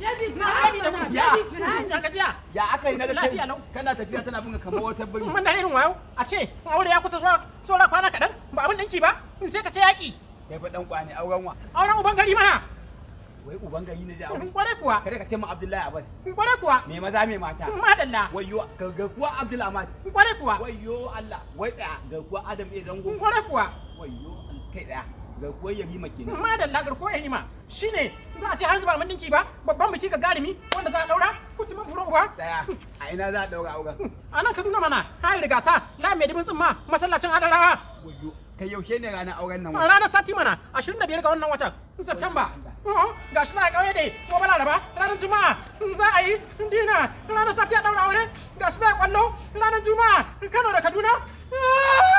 ya aka yi na ga kana tafiya tana bunga kamar wata biri mun da irin wayo a ce aure ya kusa zuwa saura kwana kaɗan ba abin ɗinki ba sai ka ce yaƙi kai fa ɗan kwane auren wa auren uban gari mana wai uban gari ne da auren kwarai kuwa kada ka ce min abdullahi abbas kwarai kuwa me maza me mata madalla wayyo ga kuwa abdullahi ahmad kwarai kuwa wayyo allah wai tsaya ga kuwa adam e zango kwarai kuwa wayyo kai daya garkuwar yarima kenan ma da lagar ko shine za a ce hanzu ba dinki ba babban biki ga garimi wanda za a daura kutumin furo ba daya a ina za a daura auren a nan kaduna mana hayi riga sa la mai dibin tsimma masallacin adarawa kai yaushe ne ranar auren nan ranar sati mana 25 ga wannan watan september ga shi za a kauye da ko bala raba ranar juma'a za a yi dina ranar sati a daura aure ga shi za a kwallo ranar juma'a kano da kaduna ah!